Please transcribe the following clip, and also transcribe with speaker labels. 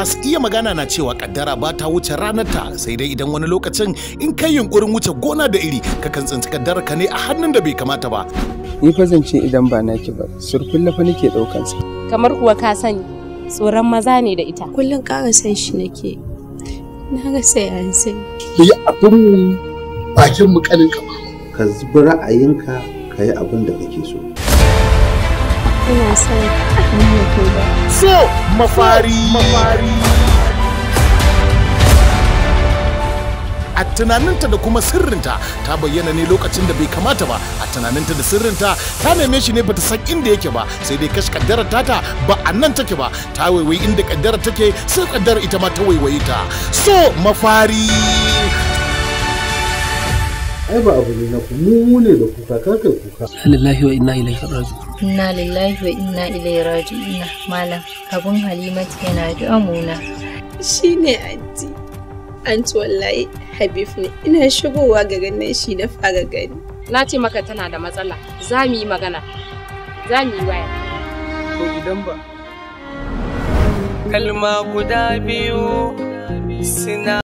Speaker 1: masu iya magana na cewa kaddara ba ta wuce ranarta sai dai idan wani lokacin in kai yunkurin wuce gona da iri ka kan tsinci kaddarar ka ne a hannun da bai kamata ba ni fa zance idan ba naki ba surkulla lafa nake daukan sa kamar kuwa ka sani tsoron maza ne da ita Kullum ƙara san shi nake na ga sai an sai ki yi abin bakin mu kanin ka ka zubi ra'ayinka ka yi abin da kake so ina son mun kai ba so mafari a tunaninta da kuma sirrinta ta bayyana ne lokacin da bai kamata ba a tunaninta da sirrinta ta neme shi ne bata san inda yake ba sai dai kashi kaddarar tata ba a nan take ba ta wawai inda kaddarar take sai kaddarar ita ma ta waiwayi ta so mafari ai ba abu ne na ku mu ne da kuka kar kai kuka lillahi wa inna ilaihi raju. inna lillahi wa inna ilaihi raji'un malam abun halimatu yana da amuna shine anti anti wallahi habib ne ina shigowa ga ganin shi na fara gani na ce maka tana da matsala za mu yi magana za mu yi waya ko idan ba kalma guda biyu suna